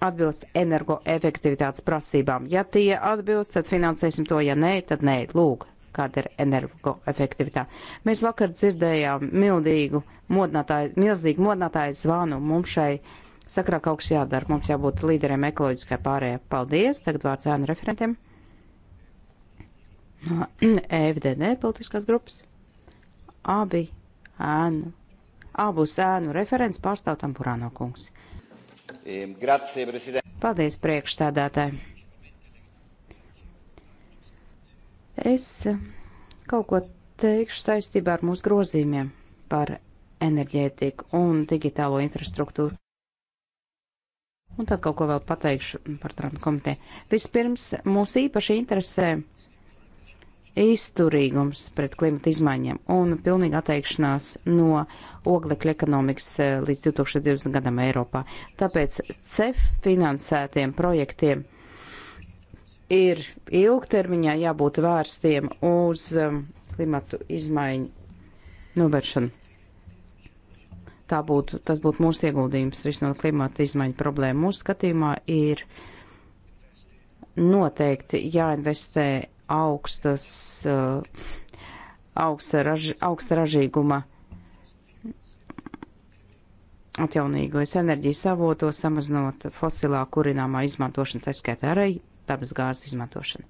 B: atbilst energoefektivitātes prasībām. Ja tie atbilst, tad finansēsim to, ja nē, tad nē, lūk, kāda ir energoefektivitāte. Mēs vakar dzirdējām milzīgu modinātāju, milzīgu modinātāju zvanu mums šai sakrā kaut kas jādara. Mums jābūt līderiem ekoloģiskajā pārējā. Paldies! Tagad vārds ēnu referentiem. No FDD e politiskās grupas abi ēnu, abu sēnu referents pārstāv Tampurāno kungs.
A: Grazie, prezident.
B: Paldies, priekšstādātāji. Es eh, kaut ko teikšu saistībā ar mūsu grozījumiem par enerģētiku un digitālo infrastruktūru. Un tad kaut ko vēl pateikšu par Trumpa komiteju. Vispirms mūs īpaši interesē izturīgums pret klimata izmaiņām un pilnīga atteikšanās no oglekļa ekonomikas eh, līdz 2020. gadam Eiropā. Tāpēc CEF finansētiem projektiem ir ilgtermiņā jābūt vērstiem uz um, klimatu izmaiņu novēršanu. Tā būtu, tas būtu mūsu ieguldījums risinot klimata izmaiņu problēmu. Mūsu skatījumā ir noteikti jāinvestē augstas, eh, augsta, raž, augsta ražīguma atjaunīgojas enerģijas avotos, samazinot fosilā kurināmā izmantošanu, tā skaitā arī dabasgāzes izmantošanu.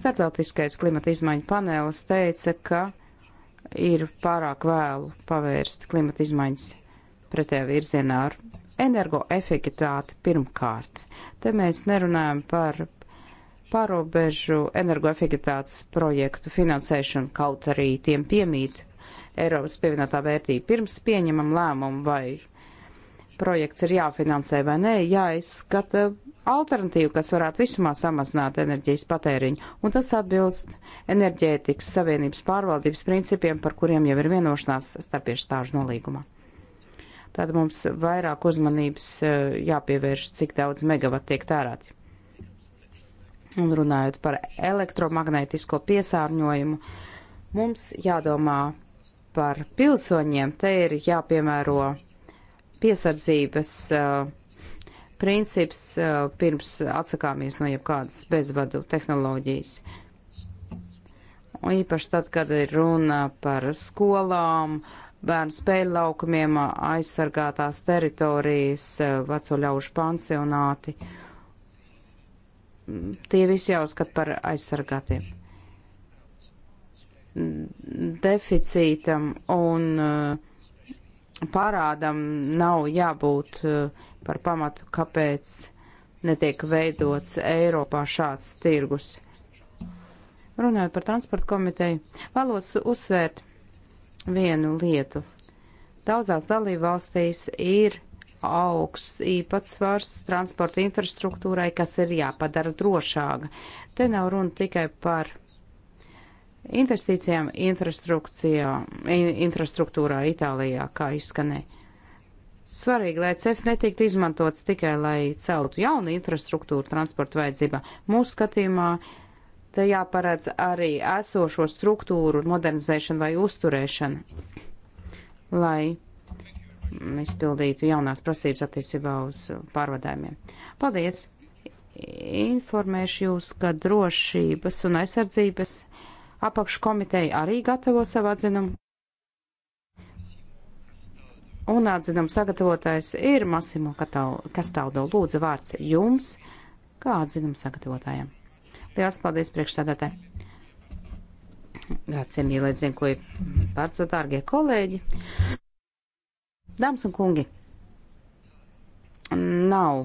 B: Startautiskais klimata izmaiņu panelis teica, ka ir pārāk vēlu pavērst klimata izmaiņas pretējā virzienā ar energoefektivitāti pirmkārt. Te mēs nerunājam par pārobežu energoefektivitātes projektu finansēšanu, kaut arī tiem piemīt Eiropas pievienotā vērtība. Pirms pieņemam lēmumu, vai projekts ir jāfinansē vai nē, jāizskata alternatīvu, kas varētu visumā samazināt enerģijas patēriņu, un tas atbilst enerģētikas savienības pārvaldības principiem, par kuriem jau ir vienošanās starpiestāžu nolīgumā. Tad mums vairāk uzmanības eh, jāpievērš, cik daudz megavatu tiek tērēti. Un runājot par elektromagnētisko piesārņojumu, mums jādomā par pilsoņiem. Te ir jāpiemēro piesardzības uh, princips uh, pirms atsakāmies no jebkādas bezvadu tehnoloģijas. Un īpaši tad, kad ir runa par skolām, bērnu spēļu laukumiem, aizsargātās teritorijas, uh, veco ļaužu pansionāti. Uh, tie visi jāuzskat par aizsargātiem. Deficītam un uh, parādam nav jābūt uh, par pamatu, kāpēc netiek veidots Eiropā šāds tirgus. Runājot par transporta komiteju, vēlos uzsvērt vienu lietu. Daudzās dalībvalstīs ir augs īpatsvars transporta infrastruktūrai, kas ir jāpadara drošāka. Te nav runa tikai par investīcijām infrastruktūrā Itālijā, kā izskanē. Svarīgi, lai CEF netiktu izmantots tikai, lai celtu jaunu infrastruktūru transporta vajadzībā. Mūsu skatījumā te jāparedz arī esošo struktūru modernizēšanu vai uzturēšanu, lai izpildītu jaunās prasības attiecībā uz pārvadājumiem. Paldies! Informēšu jūs, ka drošības un aizsardzības apakškomiteja arī gatavo savu atzinumu. Un atzinumu sagatavotājs ir Masimo Kastaldo. Lūdzu, vārds jums, kā atzinumu sagatavotājiem. Lielas paldies priekšstādātāji! Grazie, mīlēt, zinu, ko ir pārcot, dārgie kolēģi. Dāmas un kungi, nav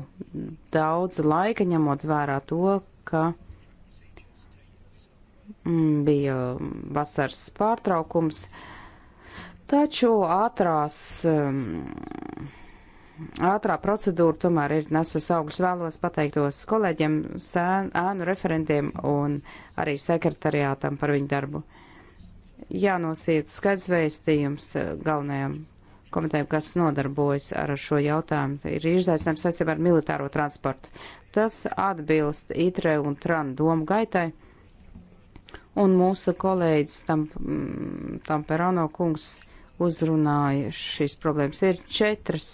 B: daudz laika ņemot vērā to, ka mm, bija vasaras pārtraukums, taču ātrās. Um, ātrā procedūra tomēr ir nesusi augļus. Vēlos pateiktos kolēģiem, sēn, ēnu referentiem un arī sekretariātam par viņu darbu. Jānosiet skaidrs vēstījums eh, galvenajam komiteju, kas nodarbojas ar šo jautājumu, ir izaicinājums saistībā ar militāro transportu. Tas atbilst ITRE un TRAN domu gaitai. Un mūsu kolēģis tam, mm, Tamperano kungs uzrunāja šīs problēmas. Ir četras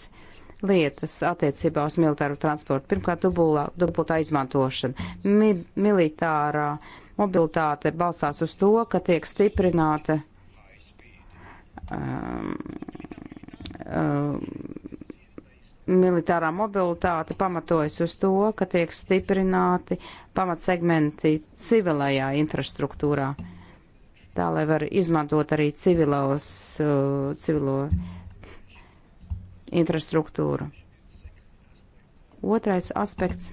B: lietas attiecībā uz militāru transportu. Pirmkārt, dubulā, dubultā izmantošana. Mi, militārā mobilitāte balstās uz to, ka tiek stiprināta um, uh, militārā mobilitāte pamatojas uz to, ka tiek stiprināti pamatsegmenti civilajā infrastruktūrā, tā lai var izmantot arī civilos, uh, civilo infrastruktūru. Otrais aspekts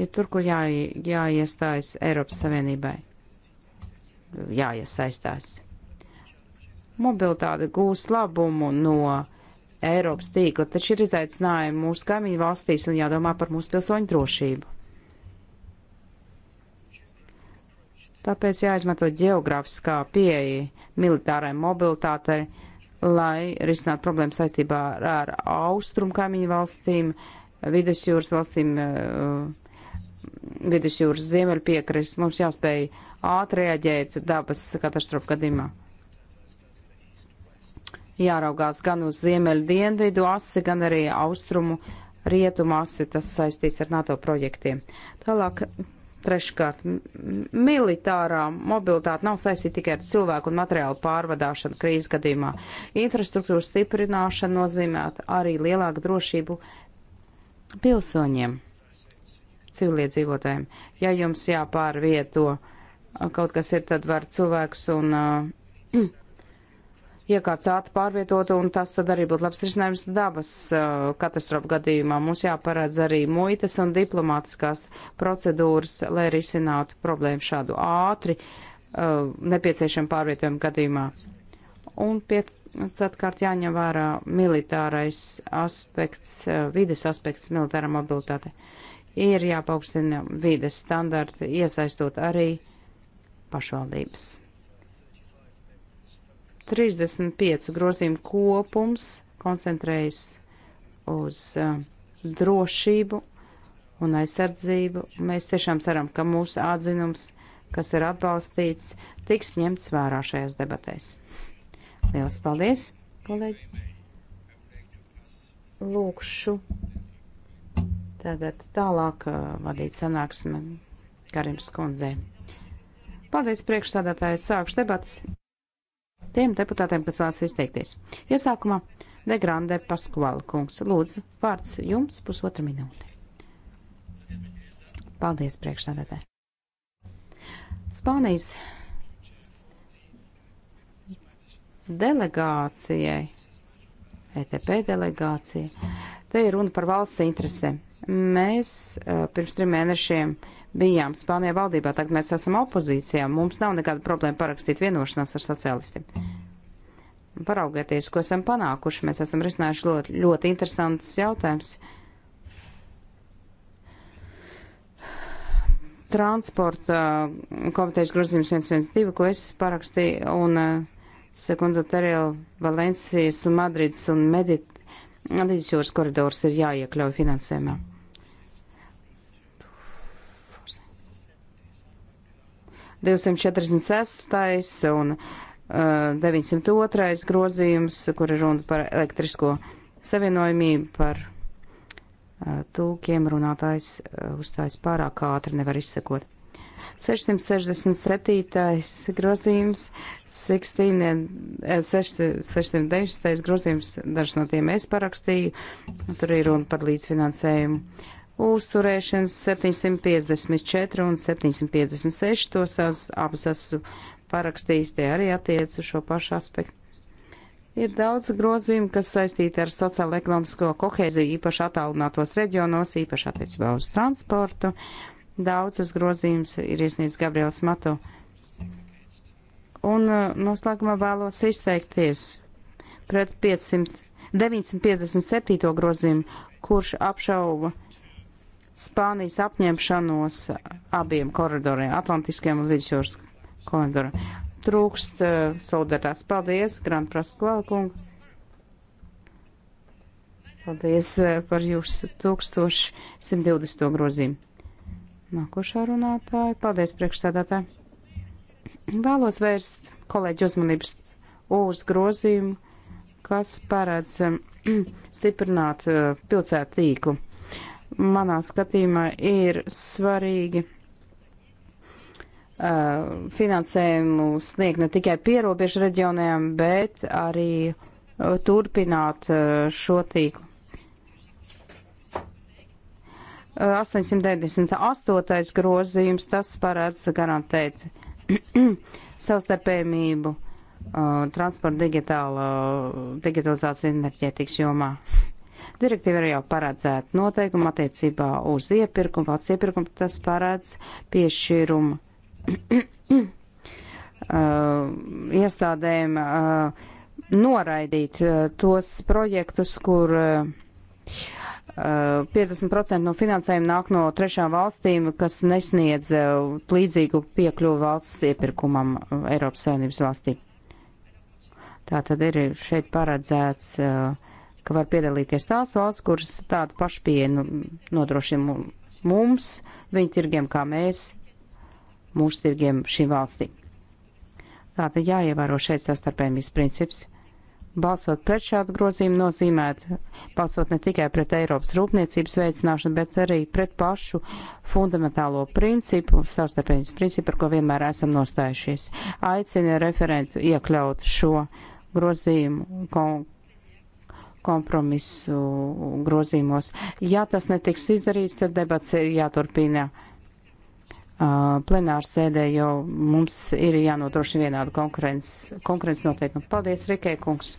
B: ir tur, kur jā, jāiestājas Eiropas Savienībai. Jāiesaistās mobilitāte gūs labumu no Eiropas tīkla, taču ir izaicinājumi mūsu kaimiņu valstīs un jādomā par mūsu pilsoņu drošību. Tāpēc jāizmanto geogrāfiskā pieeja militārai mobilitātei, lai risinātu problēmas saistībā ar, ar austrumu kaimiņu valstīm, vidusjūras valstīm, vidusjūras ziemeļpiekrasts. Mums jāspēj ātri reaģēt dabas katastrofu gadījumā jāraugās gan uz ziemeļu dienvidu asi, gan arī austrumu rietumu asi, tas saistīts ar NATO projektiem. Tālāk, treškārt, militārā mobilitāte nav saistīta tikai ar cilvēku un materiālu pārvadāšanu krīzes gadījumā. Infrastruktūras stiprināšana nozīmētu arī lielāku drošību pilsoņiem, civiliedzīvotājiem. Ja jums jāpārvieto kaut kas ir, tad var cilvēks un uh, iekārts ātri pārvietot, un tas tad arī būtu labs risinājums dabas uh, katastrofu gadījumā. Mums jāparādz arī muitas un diplomātiskās procedūras, lai risinātu problēmu šādu ātri uh, nepieciešamu pārvietojumu gadījumā. Un pie ceturkārt jāņem vērā militārais aspekts, uh, vides aspekts militāra mobilitāte. Ir jāpaukstina vides standarti, iesaistot arī pašvaldības. 35 grozījumu kopums koncentrējas uz uh, drošību un aizsardzību. Mēs tiešām ceram, ka mūsu atzinums, kas ir atbalstīts, tiks ņemts vērā šajās debatēs. Lielas paldies, kolēģi! Lūkšu tagad tālāk uh, vadīt sanāksmi Karims kundzei. Paldies priekšstādātāji, sākšu debats tiem deputātiem, kas vēlas izteikties. Iesākumā Degrande Paskvāla kungs. Lūdzu, vārds jums pusotra minūte. Paldies, priekšsādātē. Spānijas delegācijai, ETP delegācija, te ir runa par valsts interesēm. Mēs uh, pirms trim mēnešiem uh, bijām Spānijā valdībā, tagad mēs esam opozīcijā. Mums nav nekāda problēma parakstīt vienošanos ar sociālistiem. Paraugieties, ko esam panākuši. Mēs esam risinājuši ļoti, ļoti interesantus jautājumus. Transporta uh, komitejas grozījums 112, ko es parakstīju, un uh, sekundu terēlu Valencijas un Madrids un Medit, Medit jūras koridors ir jāiekļauj finansējumā. Mm. 246. un uh, eh, 902. grozījums, kur ir runa par elektrisko savienojumību, par uh, eh, tūkiem runātājs uh, uzstājas pārāk ātri, nevar izsekot. 667. grozījums, 16, 690. grozījums, dažs no tiem es parakstīju, tur ir runa par līdzfinansējumu. Uh, uzturēšanas 754 un 756, tos es abus esmu parakstījis, tie arī attiec uz šo pašu aspektu. Ir daudz grozījumu, kas saistīti ar sociālo-ekonomisko kohēziju, īpaši attālinātos reģionos, īpaši attiecībā uz transportu. Daudzus grozījumus ir iesniedzis Gabriels Matu. Un uh, noslēgumā vēlos izteikties pret 500, 957. grozījumu, kurš apšauba Spānijas apņemšanos abiem koridoriem, Atlantiskajam un Vidusjūras koridoram. Trūkst uh, soldatās. Paldies, Grand Praskvalkungu. Paldies uh, par jūsu 1120. grozīmu. Nākošā runātāja. Paldies, priekšsēdētāji. Vēlos vērst kolēģi uzmanības uz grozījumu, kas paredz um, stiprināt uh, pilsētu tīklu manā skatījumā ir svarīgi uh, finansējumu sniegt ne tikai pierobežu reģioniem, bet arī uh, turpināt uh, šo tīklu. 898. Uh, grozījums tas parāds garantēt savstarpējumību uh, transporta digitāla, digitalizācijas enerģētikas jomā direktīva ir jau paredzēta noteikuma attiecībā uz iepirkumu, valsts iepirkumu, tas paredz piešķīrumu uh, iestādēm uh, noraidīt uh, tos projektus, kur uh, 50% uh, no finansējuma nāk no trešām valstīm, kas nesniedz uh, līdzīgu piekļuvu valsts iepirkumam uh, Eiropas Savienības valstī. Tā tad ir šeit paredzēts uh, ka var piedalīties tās valsts, kuras tādu pašu pienu nodrošina mums, viņu tirgiem kā mēs, mūsu tirgiem šīm valstīm. Tātad jāievēro šeit sastarpējumības princips. Balsot pret šādu grozījumu nozīmēt, balsot ne tikai pret Eiropas rūpniecības veicināšanu, bet arī pret pašu fundamentālo principu, savstarpējums principu, par ko vienmēr esam nostājušies. Aicinu referentu iekļaut šo grozījumu kompromisu grozīmos. Ja tas netiks izdarīts, tad debats ir jāturpina uh, plenāru sēdē, jo mums ir jānodrošina vienāda konkurences, konkurences noteikuma. Nu, paldies, Rikē kungs.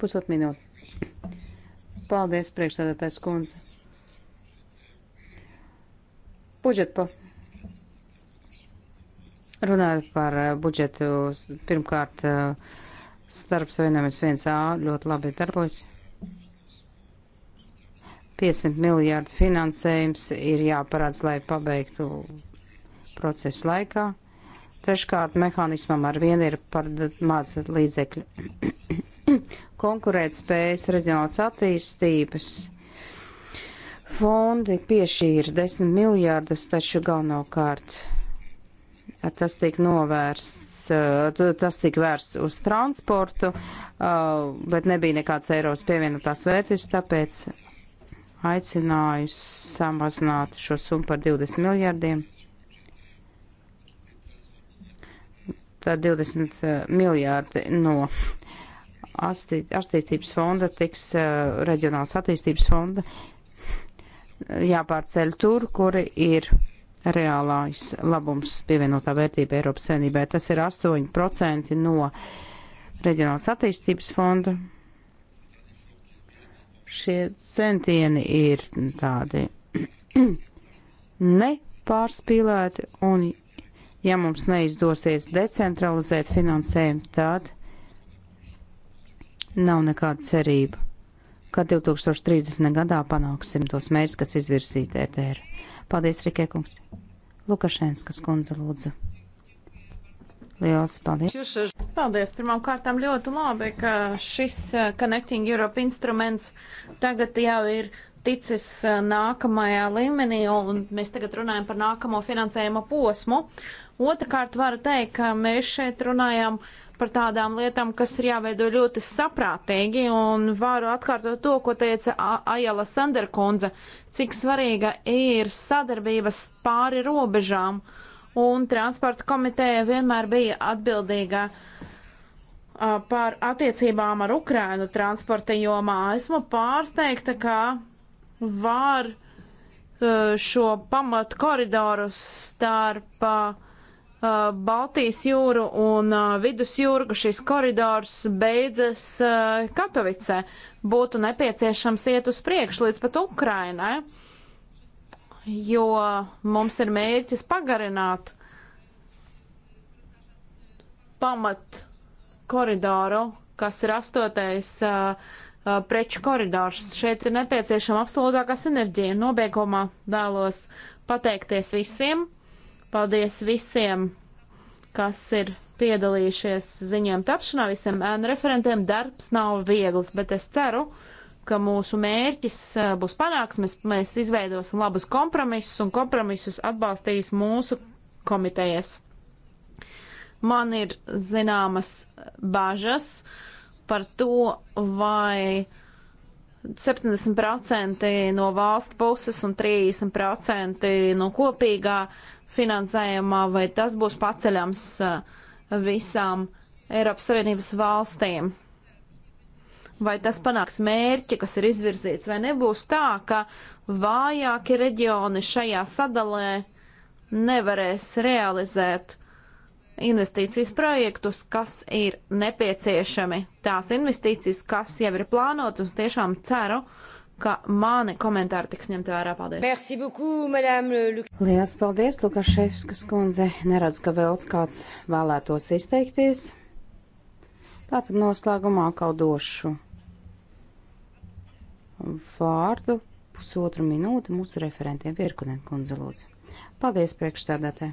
B: Pusot minūte. Paldies, priekšsēdētājs kundze. Budžeta pa. Runājot par uh, budžetu, pirmkārt, uh, starp savienojumies 1A ļoti labi darbojas. 500 miljārdu finansējums ir jāparāds, lai pabeigtu procesu laikā. Treškārt, mehānismam ar vienu ir par maz līdzekļu. Konkurētspējas reģionāls attīstības fondi piešķīra 10 miljārdus, taču galvenokārt tas tiek novērsts, tas tiek vērsts uz transportu, bet nebija nekāds Eiropas pievienotās vērtības, tāpēc aicināju samazināt šo summu par 20 miljardiem. Tad 20 eh, miljārdi no attīstības fonda tiks uh, reģionāls attīstības fonda eh, jāpārceļ tur, kuri ir reālais labums pievienotā vērtība Eiropas savienībai. Tas ir 8% no reģionāls attīstības fonda. Šie centieni ir tādi nepārspīlēti, un ja mums neizdosies decentralizēt finansējumu, tad nav nekāda cerība, ka 2030. gadā panāksim tos mērķus, kas izvirsīti ETR. Paldies, Rikē kungs! Lukašenskas kundze lūdzu. Lielas paldies!
C: Paldies! Pirmām kārtām ļoti labi, ka šis uh, Connecting Europe instruments tagad jau ir ticis uh, nākamajā līmenī, un mēs tagad runājam par nākamo finansējuma posmu. Otrakārt varu teikt, ka mēs šeit runājam par tādām lietām, kas ir jāveido ļoti saprātīgi, un varu atkārtot to, ko teica Ajala Sanderkundze, cik svarīga ir sadarbības pāri robežām. Uh, un transporta komiteja vienmēr bija atbildīga uh, par attiecībām ar Ukrainu transporta jomā. Esmu pārsteigta, ka var uh, šo pamatu koridoru starp uh, Baltijas jūru un Vidusjūru, ka šis koridors beidzas Katovicē. Būtu nepieciešams iet uz priekšu līdz pat Ukrainai. Eh? jo mums ir mērķis pagarināt pamat koridoru, kas ir astotais uh, uh, preču koridors. Šeit ir nepieciešama absolūtākā sinerģija. Nobeigumā vēlos pateikties visiem. Paldies visiem, kas ir piedalījušies ziņām tapšanā, visiem ēnu referentiem. Darbs nav viegls, bet es ceru, uh, ka mūsu mērķis būs panāks, mēs, mēs izveidosim labus kompromisus un kompromisus atbalstīs mūsu komitejas. Man ir zināmas bažas par to, vai 70% no valsts puses un 30% no kopīgā finansējumā, vai tas būs paceļams visām Eiropas Savienības valstīm vai tas panāks mērķi, kas ir izvirzīts, vai nebūs tā, ka vājāki reģioni šajā sadalē nevarēs realizēt investīcijas projektus, kas ir nepieciešami. Tās investīcijas, kas jau ir plānotas, un tiešām ceru, ka mani komentāri tiks ņemti vērā. Paldies! Merci beaucoup, madame Luk Lielas
B: paldies, Lukaševskas kundze. Neredz, ka vēl kāds vēlētos izteikties. Tātad noslēgumā kaut došu vārdu pusotru minūti mūsu referentiem Virkunen kundze lūdzu. Paldies priekšstādātē.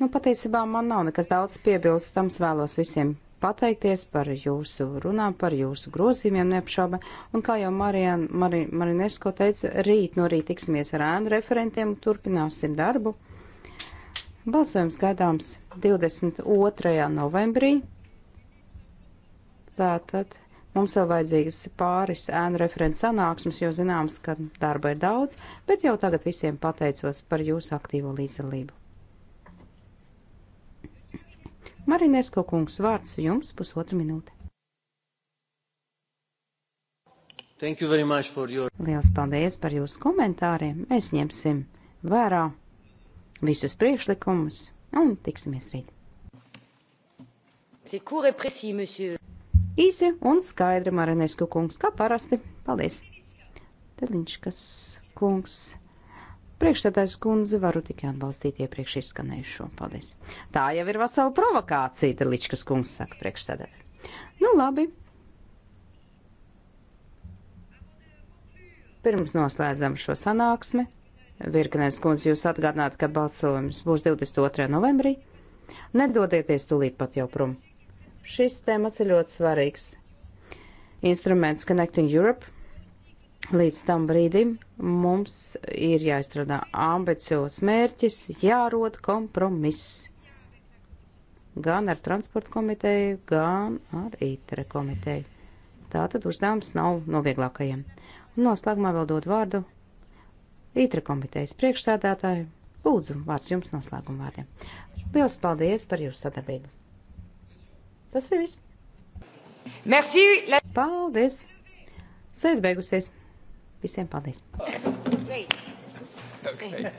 B: Nu, patiesībā man nav nekas daudz piebilstams, vēlos visiem pateikties par jūsu runām, par jūsu grozījumiem neapšauba. Un kā jau Marian, Mari, Marinesko teica, rīt no rīt tiksimies ar ēnu referentiem, turpināsim darbu. Balsojums gaidāms 22. novembrī. Tātad. Mums vēl vajadzīgas pāris ēnu referents sanāksmes, jo zināms, ka darba ir daudz, bet jau tagad visiem pateicos par jūsu aktīvo līdzdalību. Marinesko kungs, vārds jums pusotra minūte.
C: Your...
B: Liels paldies par jūsu komentāriem. Mēs ņemsim vērā visus priekšlikumus un tiksimies rīt. Īsi un skaidri, Marinesku kungs, kā parasti. Paldies! Teliņškas kungs. Priekšstādājas kundze varu tikai atbalstīt iepriekš izskanējušo. Paldies. Tā jau ir vesela provokācija, te Ličkas kungs saka priekšstādāja. Nu labi. Pirms noslēdzam šo sanāksmi. Virkanēs kundze jūs atgādināt, ka balsojums būs 22. novembrī. Nedodieties tulīt pat jau prom. Šis temats ir ļoti svarīgs. Instruments Connecting Europe. Līdz tam brīdim mums ir jāizstrādā ambiciozs mērķis, jārod kompromiss gan ar transporta komiteju, gan ar ITRE komiteju. Tā tad uzdevums nav no vieglākajiem. Un noslēgumā vēl dod vārdu ITRE komitejas priekšsēdētāju. Lūdzu, vārds jums noslēguma vārdiem. Lielas paldies par jūsu sadarbību. Tas ir viss. Merci! Paldies! Sēd beigusies! Visiem paldies! Great. Okay.